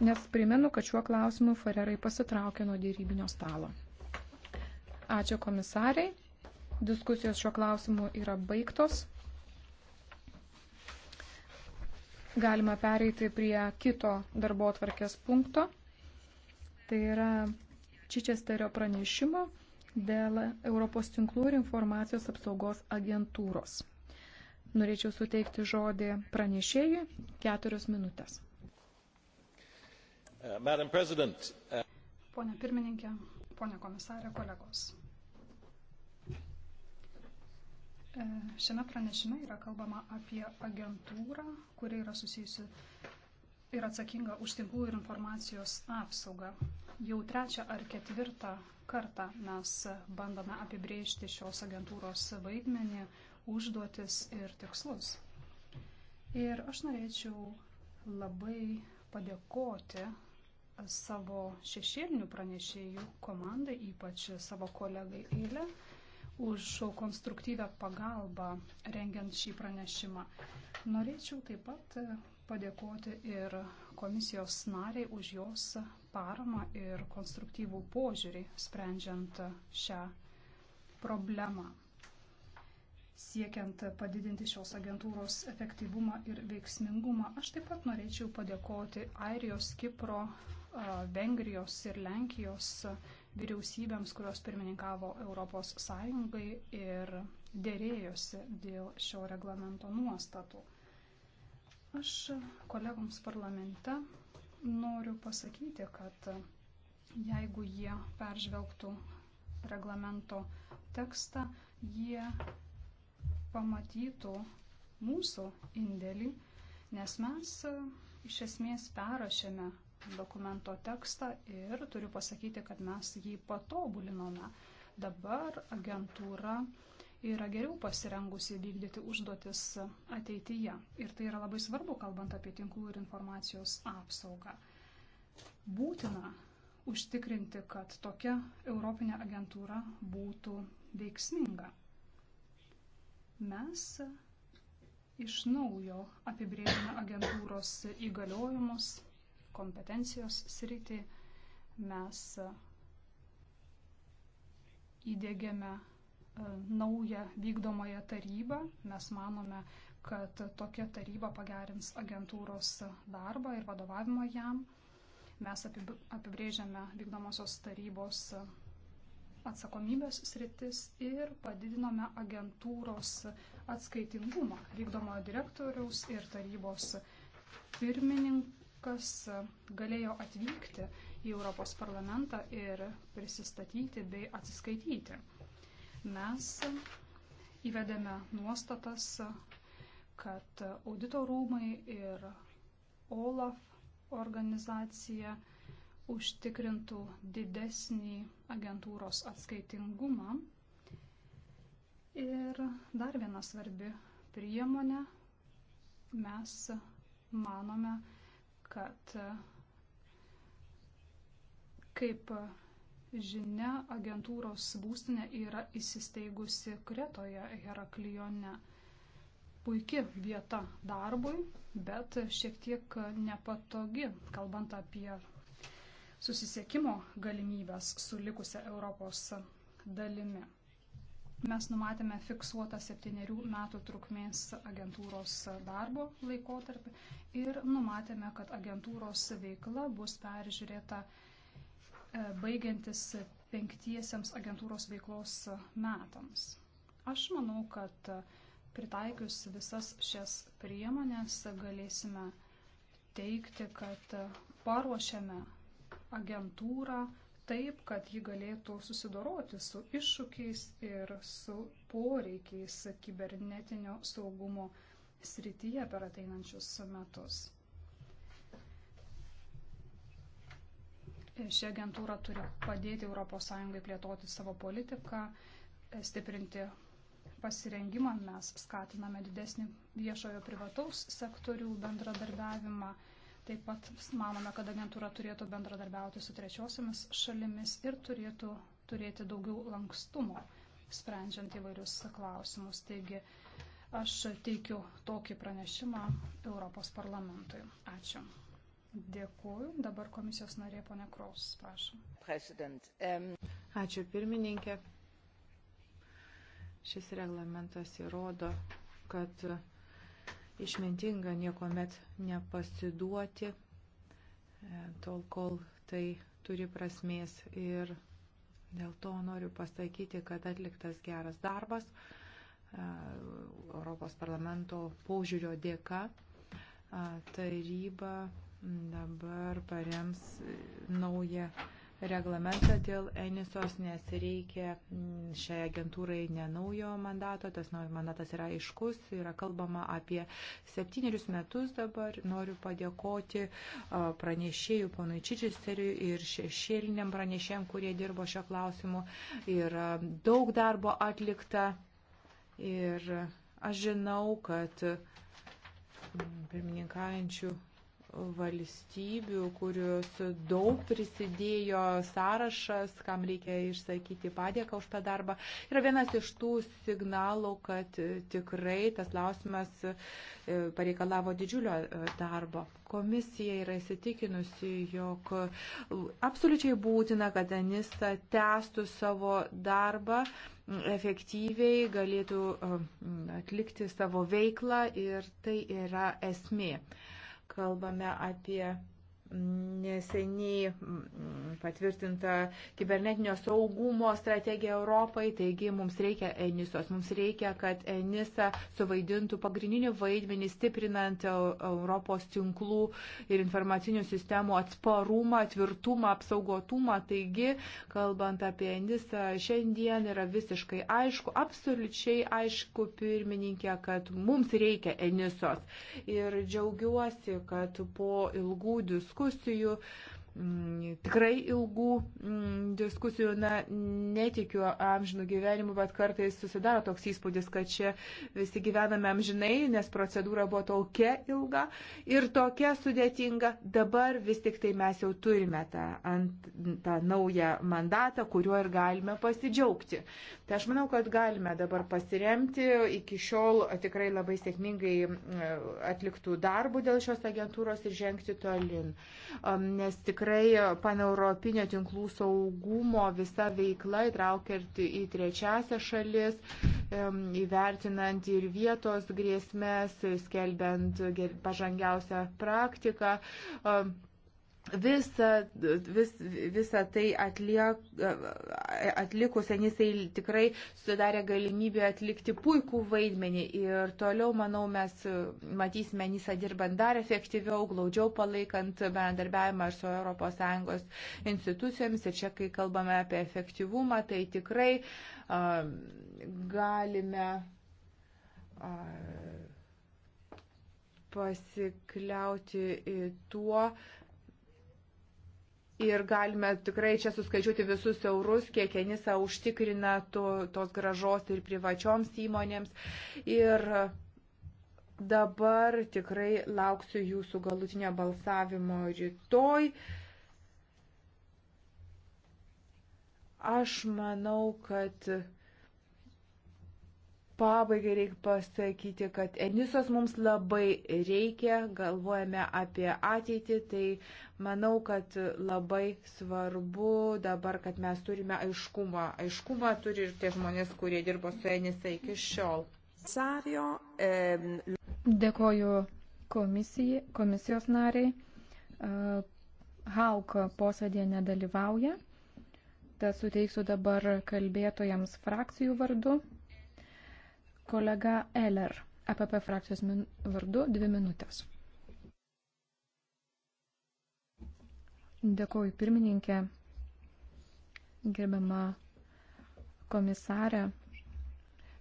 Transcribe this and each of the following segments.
nes primenu, kad šiuo klausimu Farerai pasitraukė nuo dėrybinio stalo. Ačiū komisariai. Diskusijos šiuo klausimu yra baigtos. Galima pereiti prie kito darbo atvarkės punkto. Tai yra Čičesterio pranešimo dėl Europos tinklų ir informacijos apsaugos agentūros. Norėčiau suteikti žodį pranešėjui keturios minutės. Uh, uh, pone pirmininkė, pone komisarė, kolegos. Uh, šiame pranešime yra kalbama apie agentūrą, kuri yra susijusi ir atsakinga už tinklų ir informacijos apsaugą. Jau trečią ar ketvirtą kartą mes bandome apibrėžti šios agentūros vaidmenį, užduotis ir tikslus. Ir aš norėčiau labai padėkoti savo šešėlinių pranešėjų komandai, ypač savo kolegai Eilė, už konstruktyvę pagalbą rengiant šį pranešimą. Norėčiau taip pat padėkoti ir komisijos nariai už jos paramą ir konstruktyvų požiūrį sprendžiant šią problemą. Siekiant padidinti šios agentūros efektyvumą ir veiksmingumą, aš taip pat norėčiau padėkoti Airijos, Kipro, Vengrijos ir Lenkijos vyriausybėms, kurios pirmininkavo ES ir dėrėjosi dėl šio reglamento nuostatų. Aš kolegoms parlamente noriu pasakyti, kad jeigu jie peržvelgtų reglamento tekstą, jie pamatytų mūsų indėlį, nes mes iš esmės perrašėme dokumento tekstą ir turiu pasakyti, kad mes jį patobulinome. Dabar agentūra yra geriau pasirengusi vykdyti užduotis ateityje. Ir tai yra labai svarbu, kalbant apie tinklų ir informacijos apsaugą. Būtina užtikrinti, kad tokia Europinė agentūra būtų veiksminga. Mes iš naujo apibrėžėme agentūros įgaliojimus, kompetencijos sritį mes e, įdėgėme e, naują vykdomąją tarybą. Mes manome, kad tokia taryba pagerins agentūros darbą ir vadovavimo jam. Mes apibrėžiame vykdomosios tarybos e, atsakomybės sritis ir padidinome agentūros atskaitingumą vykdomojo direktoriaus ir tarybos pirmininko kas galėjo atvykti į Europos parlamentą ir prisistatyti bei atsiskaityti. Mes įvedėme nuostatas, kad audito rūmai ir OLAF organizacija užtikrintų didesnį agentūros atskaitingumą. Ir dar viena svarbi priemonė, mes manome, kad e, kaip žinia, agentūros būstinė yra įsisteigusi Kretoje Heraklijone. Puiki vieta darbui, bet šiek tiek nepatogi, kalbant apie susisiekimo galimybės su likusia Europos dalimi mes numatėme fiksuotą septyniarių metų trukmės agentūros darbo laikotarpį ir numatėme, kad agentūros veikla bus peržiūrėta e, baigiantis penktiesiems agentūros veiklos metams. Aš manau, kad e, pritaikius visas šias priemonės galėsime teikti, kad e, paruošėme agentūrą taip, kad ji galėtų susidoroti su iššūkiais ir su poreikiais kibernetinio saugumo srityje per ateinančius metus. Ši agentūra turi padėti ES plėtoti savo politiką, stiprinti pasirengimą, mes skatiname didesnį viešojo privataus sektorių bendradarbiavimą Taip pat manome, kad agentūra turėtų bendradarbiauti su trečiosiamis šalimis ir turėtų turėti daugiau lankstumo, sprendžiant įvairius klausimus. Taigi aš teikiu tokį pranešimą Europos parlamentui. Ačiū. Dėkuoju. Dabar komisijos narė ponė Kraus, prašom. Um... Ačiū pirmininkė. Šis reglamentas įrodo, kad uh, išmintinga niekuomet nepasiduoti, e, tol kol tai turi prasmės. Ir dėl to noriu pasakyti, kad atliktas geras darbas e, Europos parlamento požiūrio dėka e, taryba dabar parems naują reglamentą dėl Enisos, nes reikia mm, šiai agentūrai nenaujo mandato. Tas naujo mandatas yra aiškus, yra kalbama apie septynerius metus dabar. Noriu padėkoti pranešėjų ponui Čičisteriui ir šešėliniam pranešėjim, kurie dirbo šio klausimu. Yra daug darbo atlikta ir aš žinau, kad mm, pirmininkaujančių valstybių, kurios daug prisidėjo sąrašas, kam reikia išsakyti padėką už tą darbą, yra vienas iš tų signalų, kad tikrai tas klausimas e, pareikalavo didžiulio e, darbo. Komisija yra įsitikinusi, jog absoliučiai būtina, kad Anista tęstų savo darbą efektyviai galėtų e, atlikti savo veiklą ir tai yra esmė. Uh, kalbame apie neseniai mm, patvirtinta kibernetinio saugumo strategija Europai, taigi mums reikia Enisos, mums reikia, kad Enisa suvaidintų pagrindinį vaidmenį stiprinant Europos tinklų ir informacinių sistemų atsparumą, tvirtumą, apsaugotumą. Taigi, kalbant apie Enisą, šiandien yra visiškai aišku, absoliučiai aišku, pirmininkė, kad mums reikia Enisos. Ir džiaugiuosi, kad po ilgų diskusijų diskusijų Mm, tikrai ilgų mm, diskusijų, na, netikiu amžinų gyvenimų, bet kartais susidaro toks įspūdis, kad čia visi gyvename amžinai, nes procedūra buvo tokia ilga ir tokia sudėtinga. Dabar vis tik tai mes jau turime tą, ant, tą naują mandatą, kuriuo ir galime pasidžiaugti. Tai aš manau, kad galime dabar pasiremti iki šiol tikrai labai sėkmingai mm, atliktų darbų dėl šios agentūros ir žengti tolin. Nes tikrai tikrai paneuropinio tinklų saugumo visa veikla įtraukiant į trečiasią šalis, įvertinant ir vietos grėsmės, skelbiant pažangiausią praktiką. Visa, vis, visa tai atliek, atlikus Anisai tikrai sudarė galimybę atlikti puikų vaidmenį ir toliau, manau, mes matysime Anisą dirbant dar efektyviau, glaudžiau palaikant bendarbiavimą su ES institucijomis ir čia, kai kalbame apie efektyvumą, tai tikrai uh, galime. Uh, pasikliauti tuo, uh, ir galime tikrai čia suskaičiuoti visus eurus, kiek Enisa užtikrina to, tos gražos ir privačioms įmonėms. Ir dabar tikrai lauksiu jūsų galutinio balsavimo rytoj. Aš manau, kad Pabaigai reikia pasakyti, kad Enisos mums labai reikia, galvojame apie ateitį, tai manau, kad labai svarbu dabar, kad mes turime aiškumą. Aiškumą turi ir tie žmonės, kurie dirbo su Enisa iki šiol. Dėkoju komisijai, komisijos nariai. E, Hauka posėdė nedalyvauja. Tad suteiksiu dabar kalbėtojams frakcijų vardu. Kolega Eller, APP e frakcijos vardu, dvi minutės. Dėkuoju pirmininkė, gerbiama komisarė,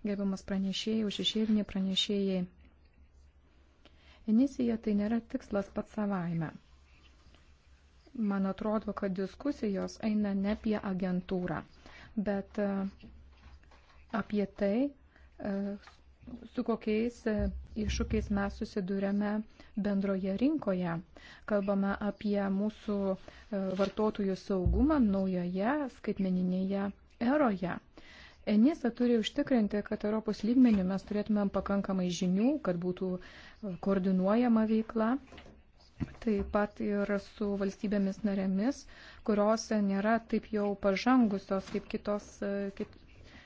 gerbiamas pranešėjai, užšešėlinė pranešėjai. Inicija tai nėra tikslas pats savaime. Man atrodo, kad diskusijos eina ne apie agentūrą, bet e, apie tai, E, su kokiais e, iššūkiais mes susidurėme bendroje rinkoje. Kalbame apie mūsų e, vartotojų saugumą naujoje skaitmeninėje eroje. Enisa turi užtikrinti, kad Europos lygmenių mes turėtumėm pakankamai žinių, kad būtų koordinuojama veikla. Taip pat ir su valstybėmis narėmis, kurios nėra taip jau pažangusios kaip kitos, kaip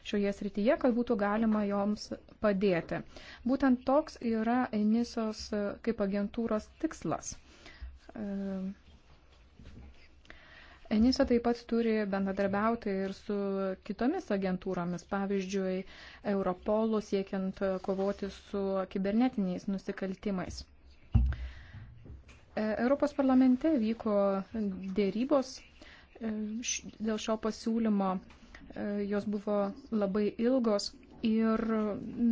šioje srityje, kad būtų galima joms padėti. Būtent toks yra ENISOS kaip agentūros tikslas. E, ENISA taip pat turi bendradarbiauti ir su kitomis agentūromis, pavyzdžiui, Europolu siekiant kovoti su kibernetiniais nusikaltimais. E, Europos parlamente vyko dėrybos e, dėl šio pasiūlymo E, jos buvo labai ilgos. Ir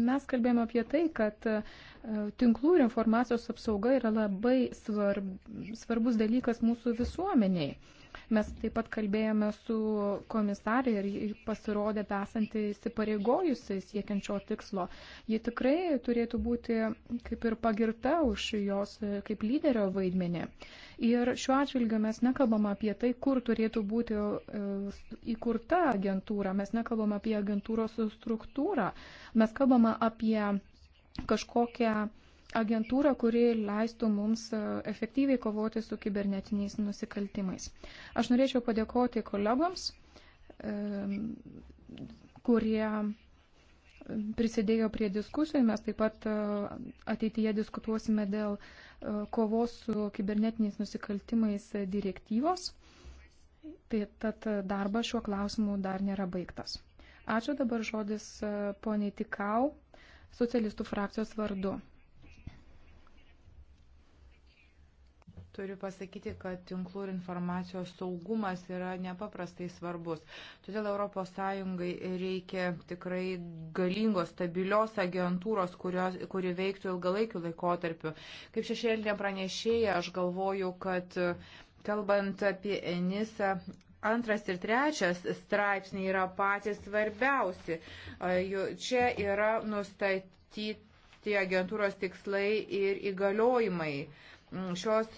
mes kalbėjome apie tai, kad e, tinklų ir informacijos apsauga yra labai svarb, svarbus dalykas mūsų visuomeniai. Mes taip pat kalbėjome su komisarė ir pasirodė esanti įsipareigojusi siekiančio tikslo. Ji tikrai turėtų būti kaip ir pagirta už jos e, kaip lyderio vaidmenį. Ir šiuo atžvilgiu mes nekalbam apie tai, kur turėtų būti e, įkurta agentūra. Mes nekalbam apie agentūros struktūrą. Mes kalbame apie kažkokią agentūrą, kuri leistų mums e, efektyviai kovoti su kibernetiniais nusikaltimais. Aš norėčiau padėkoti kolegoms, e, kurie prisidėjo prie diskusijų. Mes taip pat e, ateityje diskutuosime dėl kovos su kibernetiniais nusikaltimais direktyvos. Tai tad darbas šiuo klausimu dar nėra baigtas. Ačiū dabar žodis poniai Tikau, socialistų frakcijos vardu. Turiu pasakyti, kad tinklų ir informacijos saugumas yra nepaprastai svarbus. Todėl ES reikia tikrai galingos, stabilios agentūros, kurios, kuri veiktų ilgalaikiu laikotarpiu. Kaip šešėlinė pranešėja, aš galvoju, kad kalbant apie Enisa, antras ir trečias straipsniai yra patys svarbiausi. Čia yra nustatyti agentūros tikslai ir įgaliojimai. Mm, šios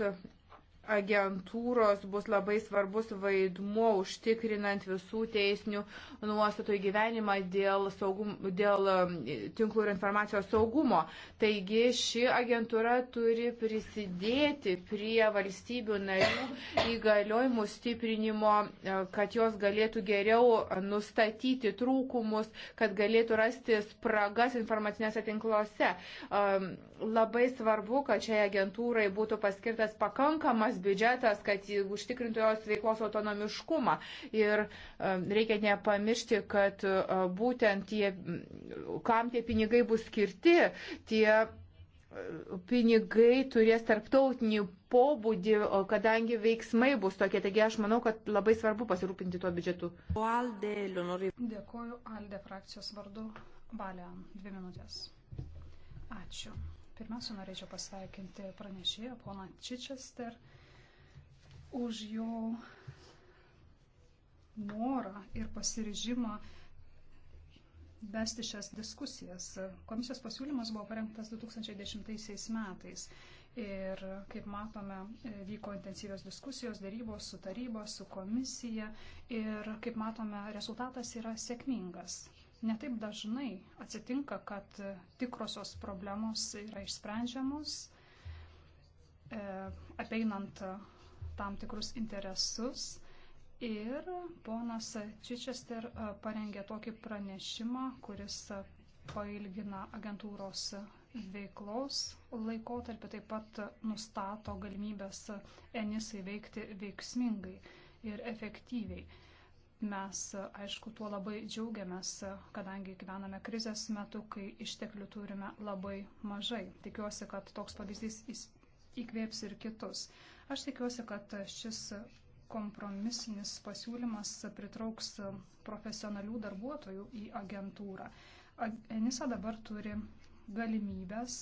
agentūros bus labai svarbus vaidmuo užtikrinant visų teisinių nuostatų įgyvenimą dėl, saugum, dėl um, tinklų ir informacijos saugumo. Taigi ši agentūra turi prisidėti prie valstybių narių įgaliojimų stiprinimo, e, kad jos galėtų geriau nustatyti trūkumus, kad galėtų rasti spragas informacinėse tinkluose. Um, labai svarbu, kad šiai agentūrai būtų paskirtas pakankamas biudžetas, kad užtikrintų jos veiklos autonomiškumą. Ir e, reikia nepamiršti, kad e, būtent tie, kam tie pinigai bus skirti, tie e, pinigai turės tarptautinį pobūdį, kadangi veiksmai bus tokie. Taigi aš manau, kad labai svarbu pasirūpinti tuo biudžetu. Dėkuoju Alde frakcijos vardu. Valian, dvi minutės. Ačiū. Pirmiausia, norėčiau pasveikinti pranešėją, poną Čičester už jo norą ir pasiryžimą vesti šias diskusijas. Komisijos pasiūlymas buvo parengtas 2010 metais ir, kaip matome, vyko intensyvios diskusijos, darybos su taryba, su komisija ir, kaip matome, rezultatas yra sėkmingas. Netaip dažnai atsitinka, kad tikrosios problemos yra išsprendžiamos, e, apeinant tam tikrus interesus. Ir ponas Čičester e, parengė tokį pranešimą, kuris e, pailgina agentūros veiklos laikotarpį, taip pat nustato galimybės enisai veikti veiksmingai ir efektyviai. Mes, aišku, tuo labai džiaugiamės, kadangi gyvename krizės metu, kai išteklių turime labai mažai. Tikiuosi, kad toks pavyzdys įkvėps ir kitus. Aš tikiuosi, kad šis kompromisinis pasiūlymas pritrauks profesionalių darbuotojų į agentūrą. Enisa dabar turi galimybės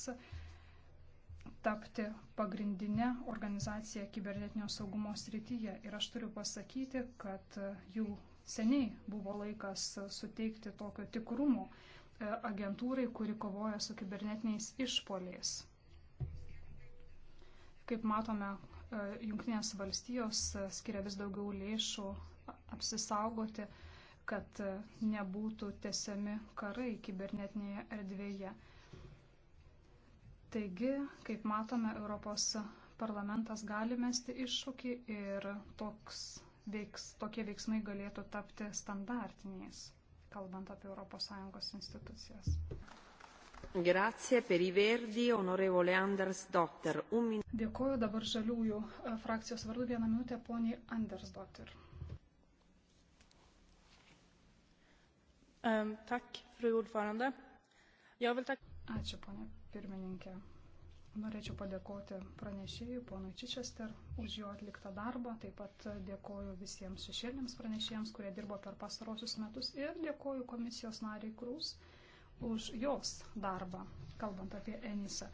tapti pagrindinę organizaciją kibernetinio saugumo srityje. Ir aš turiu pasakyti, kad jau seniai buvo laikas suteikti tokio tikrumo e, agentūrai, kuri kovoja su kibernetiniais išpoliais. Kaip matome, Junktinės valstijos skiria vis daugiau lėšų apsisaugoti, kad nebūtų tesiami karai kibernetinėje erdvėje. Taigi, kaip matome, Europos parlamentas gali mesti iššūkį ir toks veiks, tokie veiksmai galėtų tapti standartiniais, kalbant apie ES institucijas. Verdi, Un... Dėkuoju dabar žaliųjų e, frakcijos vardu vieną minutę poniai Andersdotter. Um, tak, fru ordförande. Jag vill tacka... Ačiū, ponė pirmininkė. Norėčiau padėkoti pranešėjui, ponui Čičester, už jo atliktą darbą. Taip pat dėkoju visiems šešėlėms pranešėjams, kurie dirbo per pastarosius metus. Ir dėkoju komisijos nariai Krūs už jos darbą, kalbant apie Enisa.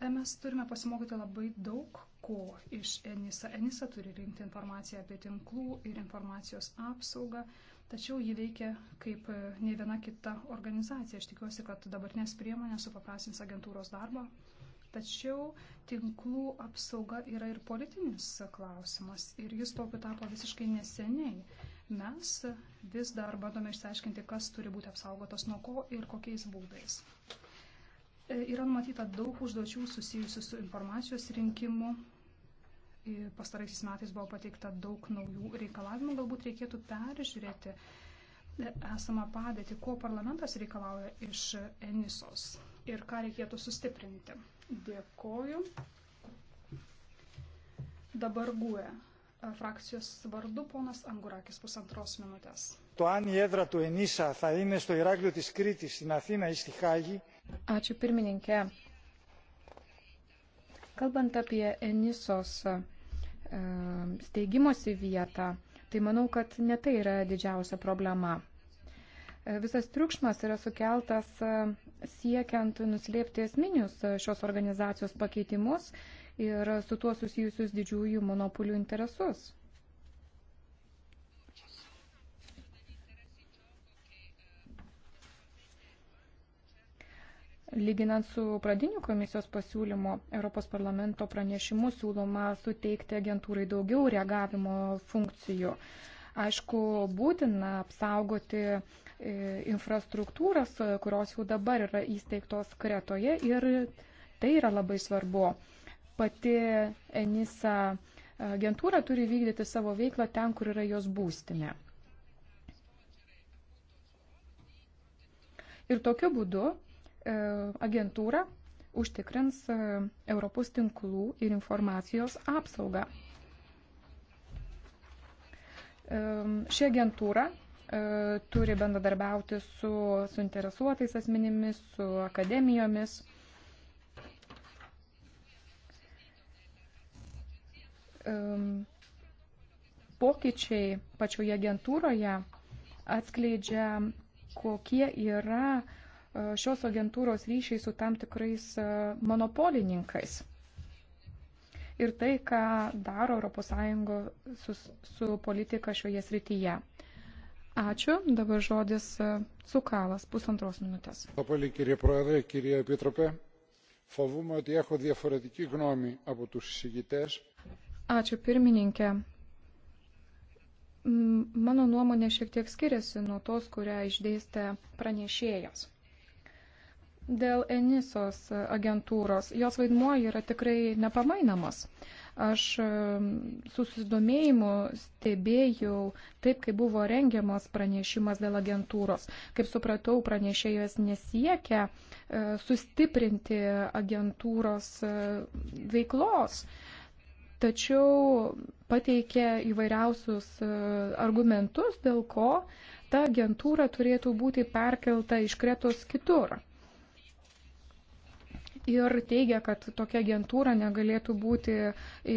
E, mes turime pasimokyti labai daug ko iš Enisa. Enisa turi rinkti informaciją apie tinklų ir informacijos apsaugą, tačiau ji veikia kaip e, ne viena kita organizacija. Aš tikiuosi, kad dabartinės priemonės supaprasins agentūros darbą. Tačiau tinklų apsauga yra ir politinis klausimas ir jis tokiu tapo visiškai neseniai. Mes vis dar bandome išsiaiškinti, kas turi būti apsaugotas nuo ko ir kokiais būdais. E, yra numatyta daug užduočių susijusių su informacijos rinkimu. E, pastaraisiais metais buvo pateikta daug naujų reikalavimų. Galbūt reikėtų peržiūrėti e, esamą padėtį, ko parlamentas reikalauja iš Enisos ir ką reikėtų sustiprinti. Dėkoju. Dabar guė frakcijos vardu ponas Angurakis pusantros minutės. Ačiū pirmininkė. Kalbant apie Enisos e, steigimosi vietą, tai manau, kad ne tai yra didžiausia problema. E, visas triukšmas yra sukeltas e, siekiant nuslėpti esminius šios organizacijos pakeitimus ir su tuo susijusius didžiųjų monopolių interesus. Lyginant su pradiniu komisijos pasiūlymo, Europos parlamento pranešimu siūloma suteikti agentūrai daugiau reagavimo funkcijų. Aišku, būtina apsaugoti uh, E, infrastruktūras, e, kurios jau dabar yra įsteigtos Kretoje ir tai yra labai svarbu. Pati Enisa agentūra turi vykdyti savo veiklą ten, kur yra jos būstinė. Ir tokiu būdu e, agentūra užtikrins Europos tinklų ir informacijos apsaugą. Ši agentūra E, turi bendradarbiauti su suinteresuotais asmenimis, su akademijomis. Pokyčiai pačioje agentūroje atskleidžia, kokie yra e, šios agentūros ryšiai su tam tikrais e, monopolininkais. Ir tai, ką daro ES su, su politika šioje srityje. Ačiū. Dabar žodis e, Cukalas, pusantros minutės. Labai, kirie proedrė, kirie epitropė. Favumo, kad έχω διαφορετική γνώμη από τους συζητητές. Ačiū pirmininkė. Mano nuomonė šiek tiek skiriasi nuo tos, kurią išdėstė pranešėjas. Dėl Enisos agentūros, jos vaidmuo yra tikrai nepamainamas. Aš su susidomėjimu stebėjau taip, kaip buvo rengiamas pranešimas dėl agentūros. Kaip supratau, pranešėjas nesiekia e, sustiprinti agentūros e, veiklos, tačiau pateikė įvairiausius e, argumentus, dėl ko ta agentūra turėtų būti perkelta iš kretos kitur ir teigia, kad tokia agentūra negalėtų būti e,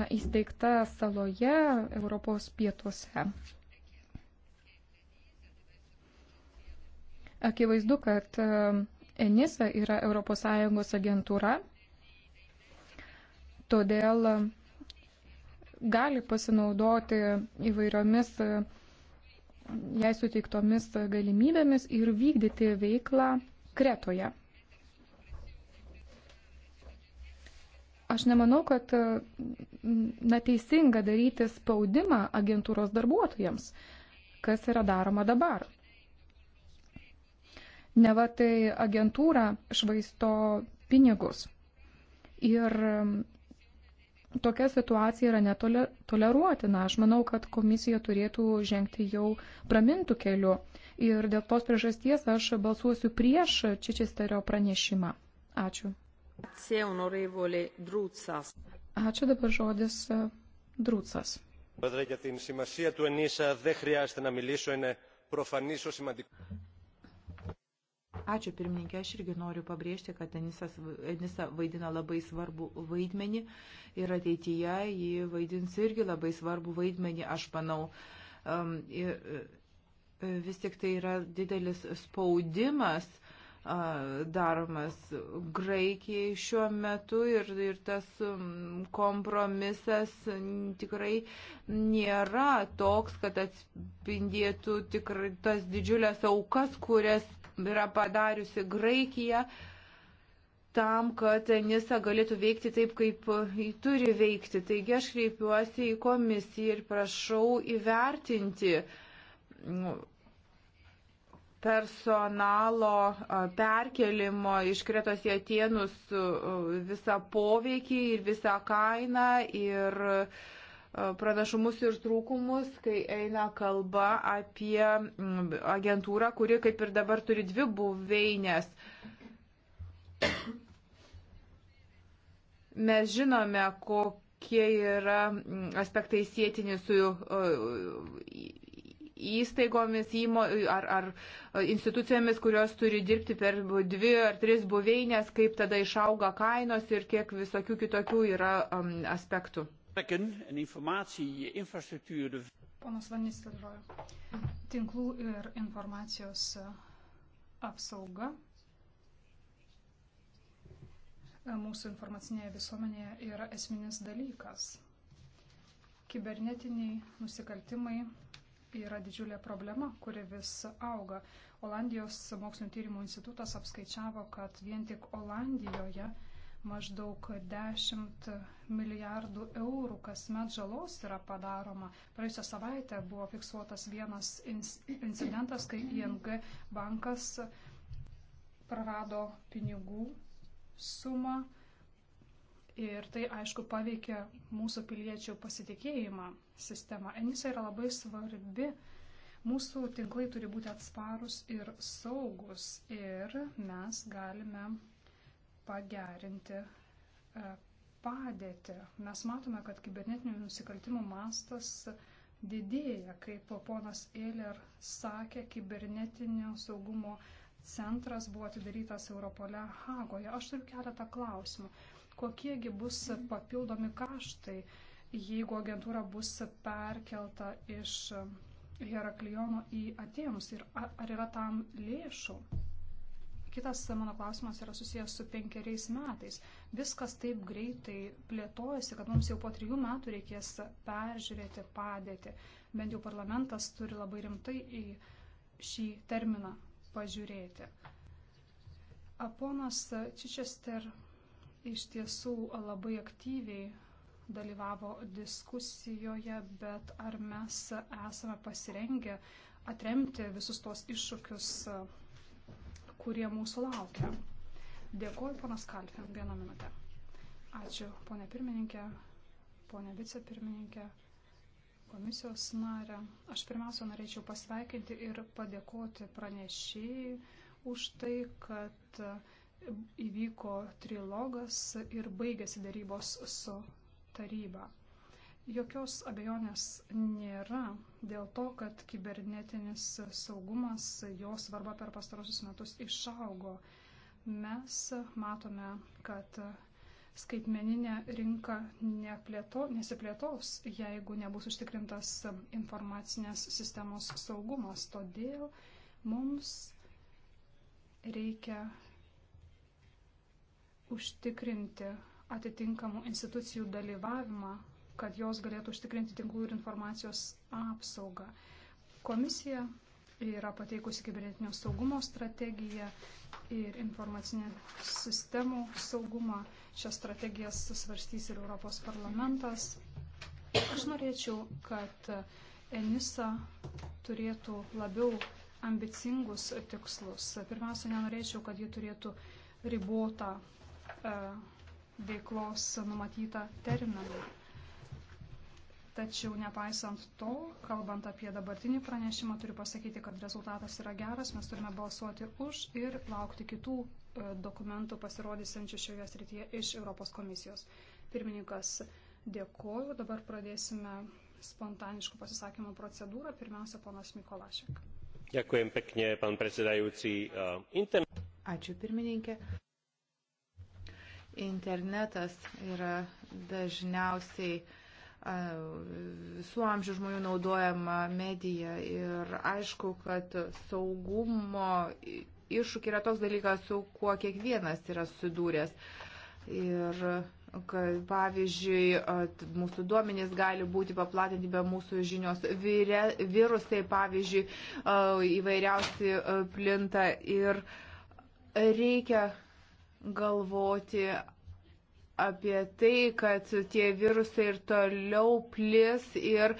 na, įsteigta saloje Europos pietuose. Akivaizdu, kad e, ENISA yra ES agentūra, todėl gali pasinaudoti įvairiomis e, jai suteiktomis galimybėmis ir vykdyti veiklą Kretoje. Aš nemanau, kad e, na, teisinga daryti spaudimą agentūros darbuotojams, kas yra daroma dabar. Neva tai agentūra švaisto pinigus. Ir e, tokia situacija yra netoleruotina. Aš manau, kad komisija turėtų žengti jau pramintų keliu. Ir dėl tos priežasties aš balsuosiu prieš Čičesterio pranešimą. Ačiū. Ačiū dabar žodis e, Drūcas. Ačiū pirmininkė, aš irgi noriu pabrėžti, kad Enisas, Enisa vaidina labai svarbu vaidmenį ir ateityje jį vaidins irgi labai svarbu vaidmenį, aš manau. Um, ir, vis tik tai yra didelis spaudimas uh, daromas Graikijai šiuo metu ir, ir tas kompromisas tikrai nėra toks, kad atspindėtų tikrai tas didžiulės aukas, kurias yra padariusi Graikija tam, kad Enisa galėtų veikti taip, kaip jį turi veikti. Taigi aš kreipiuosi į komisiją ir prašau įvertinti personalo perkelimo iš Kretos į Atenus visą poveikį ir visą kainą ir pranašumus ir trūkumus, kai eina kalba apie agentūrą, kuri kaip ir dabar turi dvi buveinės. Mes žinome, kokie yra aspektai sėtini su įstaigomis įmo, ar, ar institucijomis, kurios turi dirbti per dvi ar tris buveinės, kaip tada išauga kainos ir kiek visokių kitokių yra um, aspektų. Ponas Vanys Tilrojo, tinklų ir informacijos uh, apsauga mūsų informacinėje visuomenėje yra esminis dalykas. Kibernetiniai nusikaltimai yra didžiulė problema, kuri vis auga. Olandijos mokslinio tyrimų institutas apskaičiavo, kad vien tik Olandijoje maždaug 10 milijardų eurų kasmet žalos yra padaroma. Praėjusią savaitę buvo fiksuotas vienas incidentas, kai ING bankas prarado pinigų sumą Ir tai, aišku, paveikia mūsų piliečių pasitikėjimą sistemą. Enisa yra labai svarbi. Mūsų tinklai turi būti atsparus ir saugus. Ir mes galime pagerinti e, padėtį. Mes matome, kad kibernetinių nusikaltimų mastas didėja, kaip ponas Eiler sakė, kibernetinio saugumo centras buvo atidarytas Europole Hagoje. Aš turiu keletą klausimų kokiegi bus papildomi kaštai, jeigu agentūra bus perkelta iš Herakliono į Atėnus ir ar yra tam lėšų. Kitas mano klausimas yra susijęs su penkeriais metais. Viskas taip greitai plėtojasi, kad mums jau po trijų metų reikės peržiūrėti padėtį. Bent jau parlamentas turi labai rimtai į šį terminą pažiūrėti. Ponas Čičester iš tiesų labai aktyviai dalyvavo diskusijoje, bet ar mes esame pasirengę atremti visus tos iššūkius, kurie mūsų laukia. Dėkuoju, ponas Kalfin, vieną minutę. Ačiū, ponė pirmininkė, ponė vicepirmininkė, komisijos narė. Aš pirmiausia norėčiau pasveikinti ir padėkoti pranešėjai už tai, kad uh, įvyko trilogas ir baigėsi darybos su taryba. Jokios abejonės nėra dėl to, kad kibernetinis saugumas, jo svarba per pastarosius metus išaugo. Mes matome, kad skaitmeninė rinka neplėto, nesiplėtos, jeigu nebus užtikrintas informacinės sistemos saugumas. Todėl mums reikia užtikrinti atitinkamų institucijų dalyvavimą, kad jos galėtų užtikrinti tinklų ir informacijos apsaugą. Komisija yra pateikusi kibernetinio saugumo strategiją ir informacinę sistemų saugumą. Šias strategijas svarstys ir Europos parlamentas. Aš norėčiau, kad ENISA turėtų labiau ambicingus tikslus. Pirmiausia, nenorėčiau, kad ji turėtų ribotą E, veiklos numatytą terminą. Tačiau nepaisant to, kalbant apie dabartinį pranešimą, turiu pasakyti, kad rezultatas yra geras, mes turime balsuoti už ir laukti kitų e, dokumentų pasirodysiančių šioje srityje iš Europos komisijos. Pirmininkas, dėkoju. Dabar pradėsime spontaniškų pasisakymų procedūrą. Pirmiausia, ponas Mikolašek. Dėkuojam pekne, pan prezidajūci. E, Ačiū, pirmininkė internetas yra dažniausiai visų amžių žmonių naudojama medija ir aišku, kad saugumo iššūkiai yra toks dalykas, su kuo kiekvienas yra susidūręs. Ir kad pavyzdžiui, mūsų duomenys gali būti paplatinti be mūsų žinios. Vire, virusai, pavyzdžiui, įvairiausi plinta ir reikia galvoti apie tai, kad tie virusai ir toliau plis ir e,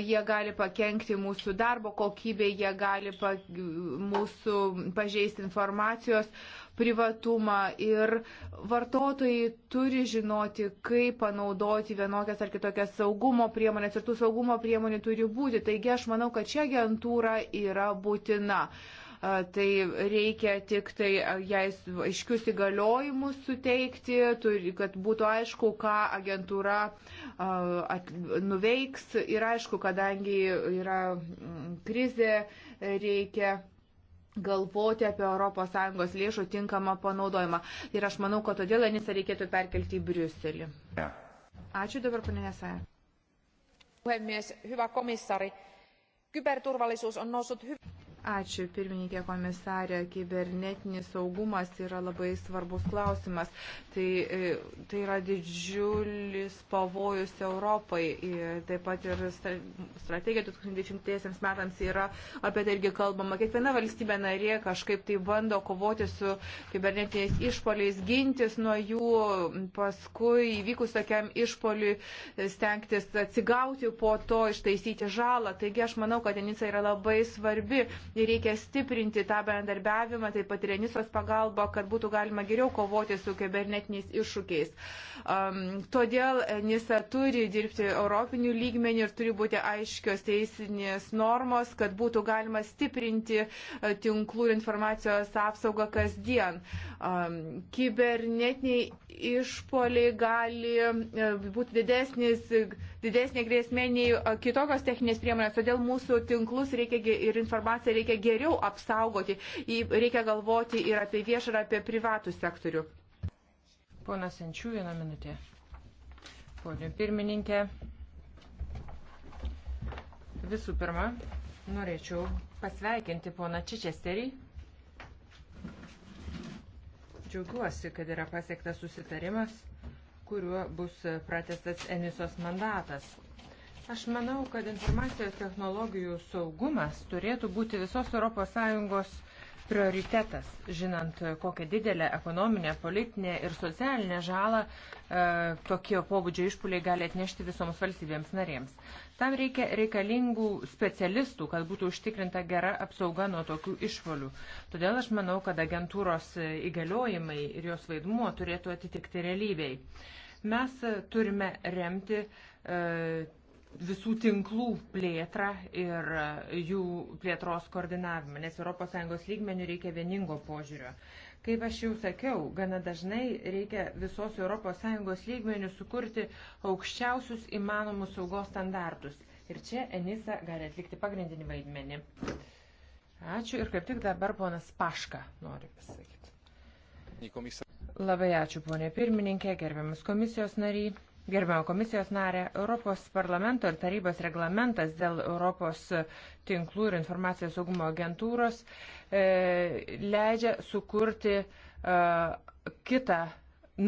jie gali pakengti mūsų darbo kokybė, jie gali pa, mūsų pažeisti informacijos privatumą ir vartotojai turi žinoti, kaip panaudoti vienokias ar kitokias saugumo priemonės ir tų saugumo priemonių turi būti. Taigi aš manau, kad ši agentūra yra būtina. Uh, tai reikia tik tai jai aiškius įgaliojimus suteikti, kad būtų aišku, ką agentūra nuveiks ir aišku, kadangi yra krizė, reikia galvoti apie ES lėšų tinkamą panaudojimą. Ir aš manau, kad todėl Anisą reikėtų perkelti į Briuselį. Ačiū dabar, ponė Nesaja. Puhemies, hyvä komissari, kyberturvallisuus on noussut hyvin. Ačiū, pirmininkė komisarė. Kibernetinis saugumas yra labai svarbus klausimas. Tai, e, tai yra didžiulis pavojus Europai. Taip pat ir strategija 2020 metams yra apie tai irgi kalbama. Kiekviena valstybė narė kažkaip tai bando kovoti su kibernetiniais išpoliais, gintis nuo jų, paskui įvykus tokiam išpoliui e, stengtis atsigauti po to, ištaisyti žalą. Taigi aš manau, kad Enica yra labai svarbi reikia stiprinti tą bendarbiavimą, taip pat Renisos pagalba, kad būtų galima geriau kovoti su kibernetiniais iššūkiais. Um, todėl NISA turi dirbti europinių lygmenių ir turi būti aiškios teisinės normos, kad būtų galima stiprinti uh, tinklų informacijos apsaugą kasdien kibernetiniai išpoliai gali e, būti didesnis, didesnė grėsmė nei e, kitokios techninės priemonės, todėl mūsų tinklus reikia, ir informaciją reikia geriau apsaugoti, reikia galvoti ir apie viešą, ir apie privatų sektorių. Pona Senčių, vieną minutę. Pone pirmininkė, visų pirma, norėčiau pasveikinti poną Čičesterį džiaugiuosi, kad yra pasiektas susitarimas, kuriuo bus pratestas Enisos mandatas. Aš manau, kad informacijos technologijų saugumas turėtų būti visos ES prioritetas, žinant, kokią didelę ekonominę, politinę ir socialinę žalą e, tokio pobūdžio išpuliai gali atnešti visoms valstybėms narėms. Tam reikia reikalingų specialistų, kad būtų užtikrinta gera apsauga nuo tokių išpolių. Todėl aš manau, kad agentūros įgaliojimai ir jos vaidmuo turėtų atitikti realybei. Mes turime remti e, visų tinklų plėtrą ir e, jų plėtros koordinavimą, nes ES lygmenių reikia vieningo požiūrio. Kaip aš jau sakiau, gana dažnai reikia visos ES lygmenių sukurti aukščiausius įmanomus saugos standartus. Ir čia Enisa gali atlikti pagrindinį vaidmenį. Ačiū ir kaip tik dabar ponas Paška nori pasakyti. Labai ačiū ponė pirmininkė, gerbiamas komisijos nariai. Gerbiamo komisijos narė, Europos parlamento ir tarybos reglamentas dėl Europos tinklų ir informacijos saugumo agentūros e, leidžia sukurti e, kitą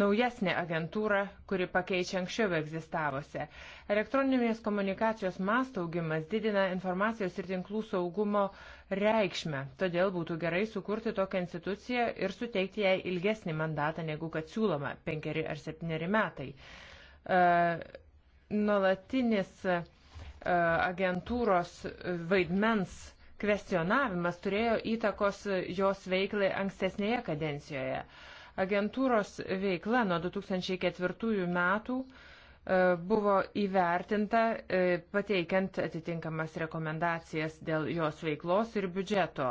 naujesnė agentūra, kuri pakeičia anksčiau egzistavusią. Elektroninės komunikacijos mastaugimas didina informacijos ir tinklų saugumo reikšmę, todėl būtų gerai sukurti tokią instituciją ir suteikti jai ilgesnį mandatą, negu kad siūloma - penkeri ar septyneri metai. E, nuolatinis e, agentūros vaidmens kvestionavimas turėjo įtakos jos veiklai ankstesnėje kadencijoje. Agentūros veikla nuo 2004 metų e, buvo įvertinta pateikiant atitinkamas rekomendacijas dėl jos veiklos ir biudžeto.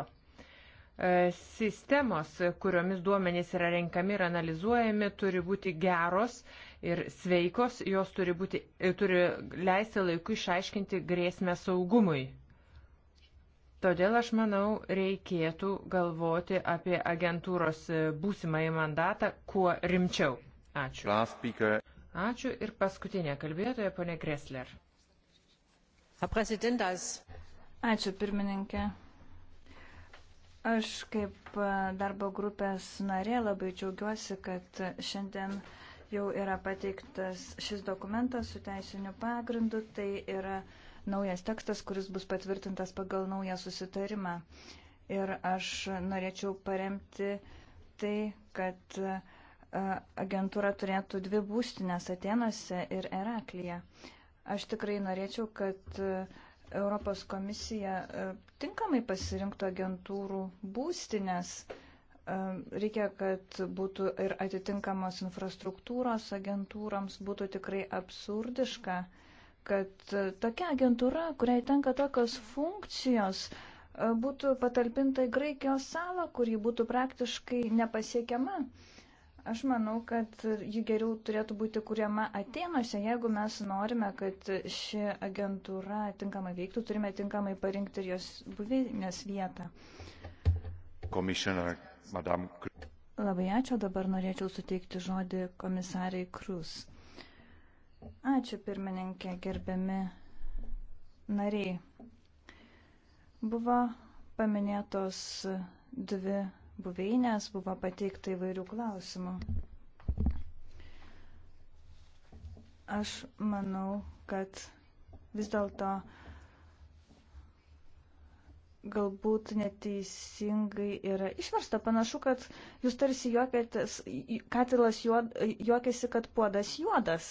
Sistemos, kuriomis duomenys yra renkami ir analizuojami, turi būti geros ir sveikos, jos turi, būti, e, turi leisti laiku išaiškinti grėsmę saugumui. Todėl aš manau, reikėtų galvoti apie agentūros e, būsimąjį mandatą kuo rimčiau. Ačiū. Ačiū ir paskutinė kalbėtoja, ponė Gressler. Ačiū pirmininkė. Aš kaip e, darbo grupės narė labai džiaugiuosi, kad šiandien uh, jau yra pateiktas šis dokumentas su teisiniu pagrindu, tai yra naujas tekstas, kuris bus patvirtintas pagal naują susitarimą. Ir aš norėčiau paremti tai, kad e, agentūra turėtų dvi būstinės Atenose ir Eraklyje. Aš tikrai norėčiau, kad e, Europos komisija e, tinkamai pasirinktų agentūrų būstinės Reikia, kad būtų ir atitinkamos infrastruktūros agentūroms, būtų tikrai absurdiška, kad e, tokia agentūra, kuriai tenka tokios funkcijos, e, būtų patalpinta į Graikijos salą, kuri būtų praktiškai nepasiekiama. Aš manau, kad ji geriau turėtų būti kuriama Atenuose, jeigu mes norime, kad ši agentūra tinkamai veiktų, turime tinkamai parinkti ir jos buveinės vietą. Komisionar Madame. Labai ačiū, dabar norėčiau suteikti žodį komisariai Krus. Ačiū pirmininkė, gerbiami nariai. Buvo paminėtos dvi buveinės, buvo pateikta įvairių klausimų. Aš manau, kad vis dėlto uh, galbūt neteisingai yra išversta. Panašu, kad jūs tarsi juokėtės, katilas juod, juokėsi, kad puodas juodas.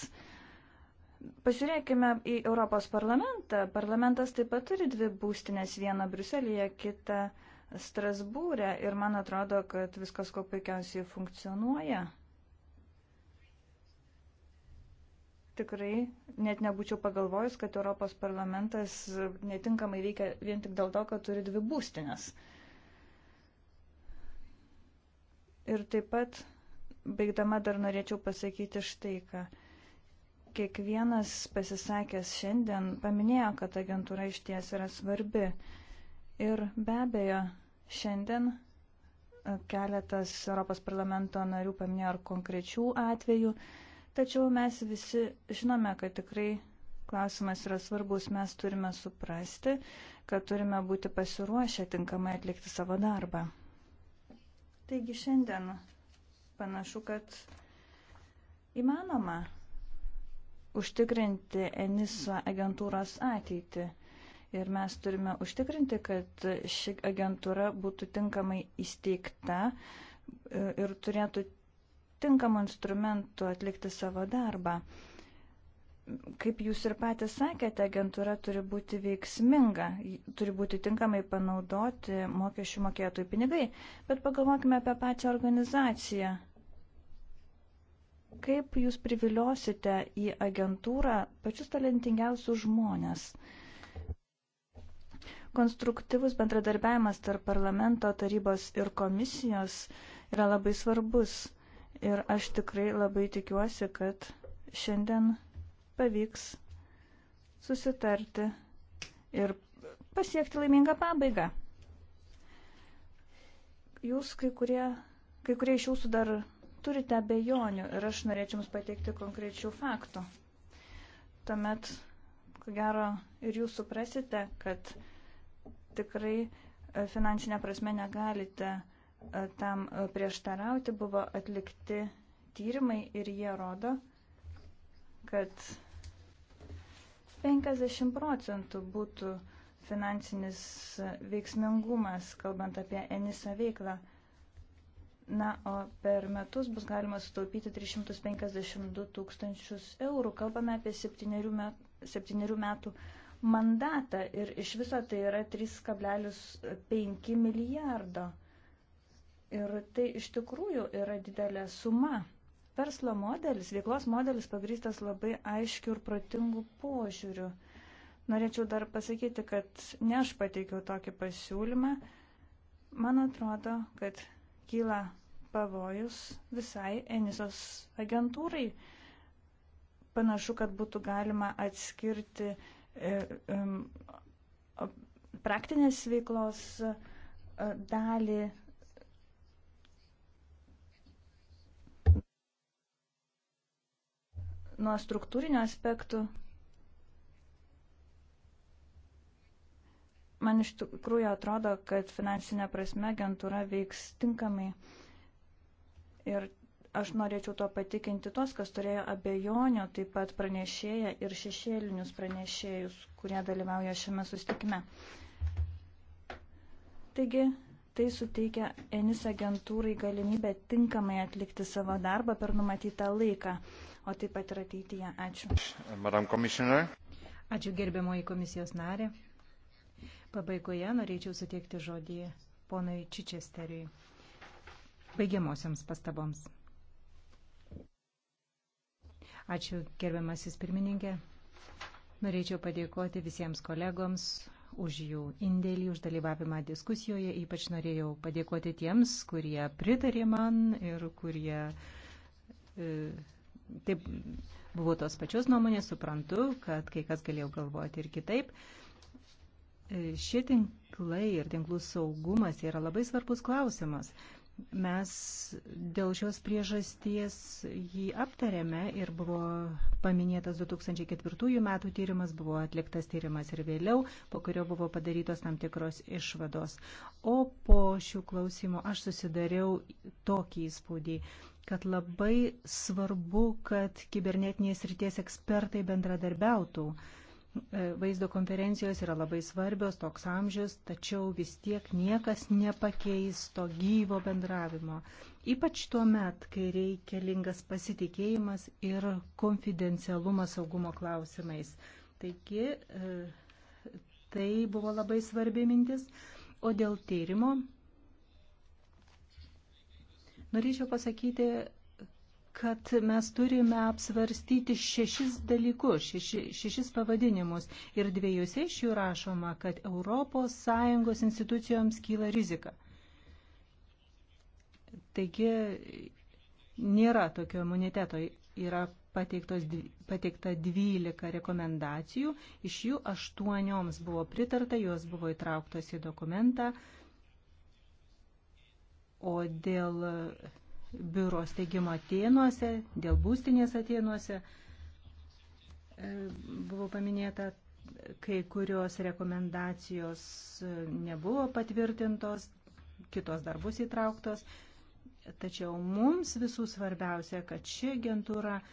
Pasižiūrėkime į Europos parlamentą. Parlamentas taip pat turi dvi būstinės, vieną Bruselėje, kitą Strasbūrė ir man atrodo, kad viskas kuo puikiausiai funkcionuoja. tikrai net nebūčiau pagalvojus, kad Europos parlamentas netinkamai veikia vien tik dėl to, kad turi dvi būstinės. Ir taip pat, baigdama dar norėčiau pasakyti štai ką. Kiekvienas pasisakęs šiandien paminėjo, kad agentūra iš ties yra svarbi. Ir be abejo, šiandien e, keletas Europos parlamento narių paminėjo ar konkrečių atvejų, Tačiau mes visi žinome, kad tikrai klausimas yra svarbus. Mes turime suprasti, kad turime būti pasiruošę tinkamai atlikti savo darbą. Taigi šiandien panašu, kad įmanoma užtikrinti ENISO agentūros ateitį. Ir mes turime užtikrinti, kad ši agentūra būtų tinkamai įsteigta e, ir turėtų tinkamų instrumentų atlikti savo darbą. Kaip jūs ir patys sakėte, agentūra turi būti veiksminga, turi būti tinkamai panaudoti mokesčių mokėtojų pinigai, bet pagalvokime apie pačią organizaciją. Kaip jūs priviliosite į agentūrą pačius talentingiausius žmonės? Konstruktyvus bendradarbiavimas tarp parlamento, tarybos ir komisijos yra labai svarbus Ir aš tikrai labai tikiuosi, kad šiandien pavyks susitarti ir pasiekti laimingą pabaigą. Jūs kai kurie, kai kurie iš jūsų dar turite abejonių ir aš norėčiau Jums pateikti konkrečių faktų. Tuomet, ko gero, ir Jūs suprasite, kad tikrai e, finansinė prasme negalite uh, tam prieštarauti, buvo atlikti tyrimai ir jie rodo, kad 50 procentų būtų finansinis veiksmingumas, kalbant apie ENISA veiklą. Na, o per metus bus galima sutaupyti 352 tūkstančius eurų. Kalbame apie septyniarių metų, septyniarių metų mandatą ir iš viso tai yra 3,5 milijardo eurų. Ir tai iš tikrųjų yra didelė suma. Verslo modelis, veiklos modelis pagrįstas labai aiškių ir protingų požiūrių. Norėčiau dar pasakyti, kad ne aš pateikiau tokį pasiūlymą. Man atrodo, kad kyla pavojus visai Enisos agentūrai. Panašu, kad būtų galima atskirti e, e, praktinės veiklos e, dalį nuo struktūrinio aspektų. Man iš tikrųjų atrodo, kad finansinė prasme agentūra veiks tinkamai. Ir aš norėčiau to patikinti tos, kas turėjo abejonių, taip pat pranešėją ir šešėlinius pranešėjus, kurie dalyvauja šiame sustikime. Taigi, tai suteikia Enis agentūrai galimybę tinkamai atlikti savo darbą per numatytą laiką o taip pat ir ateityje. Ačiū. Ačiū gerbiamoji komisijos narė. Pabaigoje norėčiau suteikti žodį ponui Čičesteriui. Baigiamosiams pastaboms. Ačiū gerbiamasis pirmininkė. Norėčiau padėkoti visiems kolegoms už jų indėlį, už dalyvavimą diskusijoje. Ypač norėjau padėkoti tiems, kurie pritarė man ir kurie e, taip buvo tos pačios nuomonės, suprantu, kad kai kas galėjo galvoti ir kitaip. E, šie tinklai ir tinklų saugumas yra labai svarbus klausimas. Mes dėl šios priežasties jį aptarėme ir buvo paminėtas 2004 metų tyrimas, buvo atliktas tyrimas ir vėliau, po kurio buvo padarytos tam tikros išvados. O po šių klausimų aš susidariau tokį įspūdį, kad labai svarbu, kad kibernetinės ryties ekspertai bendradarbiautų E, vaizdo konferencijos yra labai svarbios toks amžius, tačiau vis tiek niekas nepakeis to gyvo bendravimo. Ypač tuo met, kai reikalingas pasitikėjimas ir konfidencialumas saugumo klausimais. Taigi, e, tai buvo labai svarbi mintis. O dėl tyrimo, norėčiau pasakyti, kad mes turime apsvarstyti šešis dalykus, šeši, šešis pavadinimus. Ir dviejose iš jų rašoma, kad ES institucijoms kyla rizika. Taigi nėra tokio imuniteto. Yra pateiktos, pateikta 12 rekomendacijų, iš jų aštuonioms buvo pritarta, jos buvo įtrauktos į dokumentą. O dėl biuro steigimo Atenuose, dėl būstinės Atenuose. E, buvo paminėta, kai kurios rekomendacijos e, nebuvo patvirtintos, kitos dar bus įtrauktos. Tačiau mums visų svarbiausia, kad ši agentūra uh,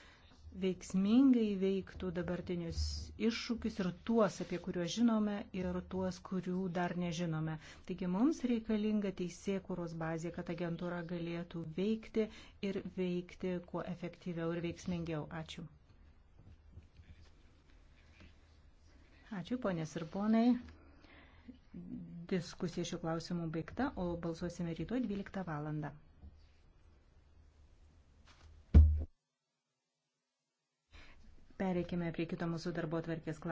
veiksmingai veiktų dabartinius iššūkius ir tuos, apie kuriuos žinome, ir tuos, kurių dar nežinome. Taigi mums reikalinga teisėkūros bazė, kad agentūra galėtų veikti ir veikti kuo efektyviau ir veiksmingiau. Ačiū. Ačiū, ponės ir ponai. Diskusija šiuo klausimu baigta, o balsuosime rytoj 12 valandą. Pereikime prie kito mūsų darbo tvarkės klausimų.